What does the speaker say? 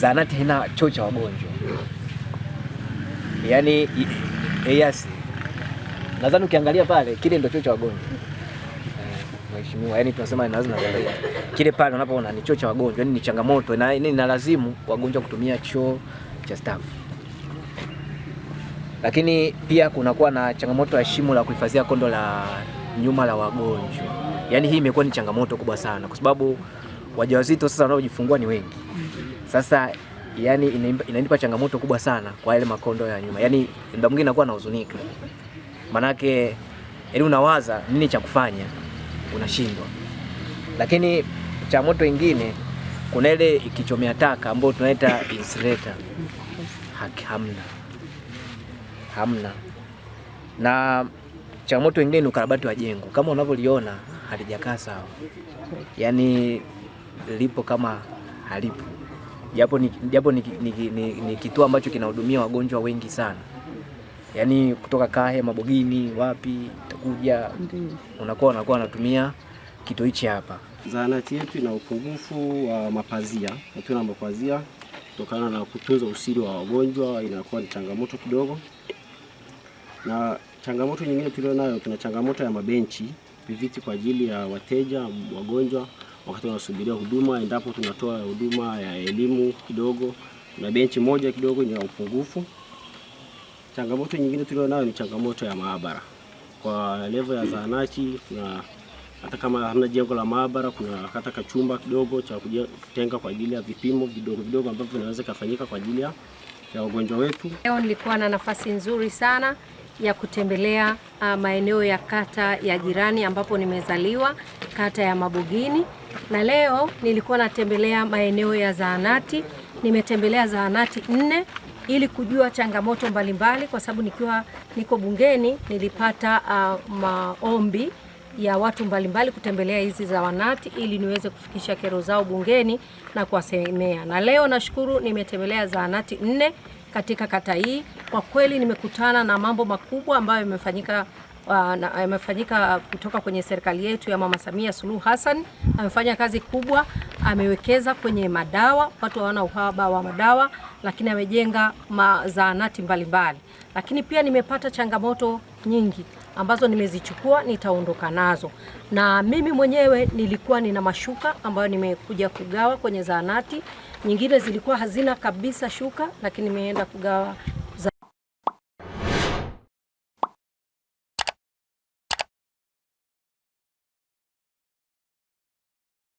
zahanati haina choo cha wagonjwa, yaani EAC nadhani ukiangalia pale kile ndio choo cha wagonjwa eh, mheshimiwa, yani tunasema lazima naangalia kile pale unapoona ni choo cha wagonjwa, yani ni changamoto na inalazimu yaani wagonjwa kutumia choo cha staff. Lakini pia kunakuwa na changamoto ya shimo la kuhifadhia kondo la nyuma la wagonjwa, Yaani hii imekuwa ni changamoto kubwa sana, kwa sababu wajawazito sasa wanaojifungua ni wengi sasa yani inanipa changamoto kubwa sana kwa ile makondo ya nyuma, yani muda mwingine nakuwa nahuzunika, manake yani unawaza nini cha kufanya unashindwa. Lakini changamoto ingine kuna ile ikichomea taka ambayo tunaita incinerator, haki hamna, hamna. Na changamoto ingine ni ukarabati wa jengo, kama unavyoliona halijakaa sawa, yani lipo kama halipo japo ni, japo ni, ni, ni, ni, ni kituo ambacho kinahudumia wagonjwa wengi sana, yaani kutoka Kahe, Mabogini, wapi utakuja, unakuwa unakuwa anatumia kituo hichi hapa. Zahanati yetu ina upungufu wa mapazia, hatuna mapazia kutokana na kutunza usiri wa wagonjwa, inakuwa ni changamoto kidogo. Na changamoto nyingine tulionayo, tuna changamoto ya mabenchi, viviti kwa ajili ya wateja wagonjwa wakati wanasubiria huduma, endapo tunatoa huduma ya elimu kidogo na benchi moja kidogo ni upungufu. Changamoto nyingine tulio nayo ni changamoto ya maabara kwa level ya zahanati, na hata kama hamna jengo la maabara, kuna hata kachumba kidogo cha kutenga kwa ajili ya vipimo vidogo vidogo ambavyo vinaweza kufanyika kwa ajili ya wagonjwa wetu. Leo nilikuwa na nafasi nzuri sana ya kutembelea uh, maeneo ya kata ya jirani ambapo nimezaliwa, kata ya Mabogini, na leo nilikuwa natembelea maeneo ya zahanati. Nimetembelea zahanati nne ili kujua changamoto mbalimbali, kwa sababu nikiwa niko bungeni nilipata uh, maombi ya watu mbalimbali kutembelea hizi zahanati ili niweze kufikisha kero zao bungeni na kuwasemea. Na leo nashukuru nimetembelea zahanati nne katika kata hii. Kwa kweli nimekutana na mambo makubwa ambayo yamefanyika Uh, amefanyika kutoka kwenye serikali yetu ya Mama Samia Suluhu Hassan. Amefanya kazi kubwa, amewekeza kwenye madawa, watu hawana uhaba wa madawa, lakini amejenga zahanati mbalimbali. Lakini pia nimepata changamoto nyingi ambazo nimezichukua nitaondoka nazo, na mimi mwenyewe nilikuwa nina mashuka ambayo nimekuja kugawa kwenye zahanati nyingine, zilikuwa hazina kabisa shuka, lakini nimeenda kugawa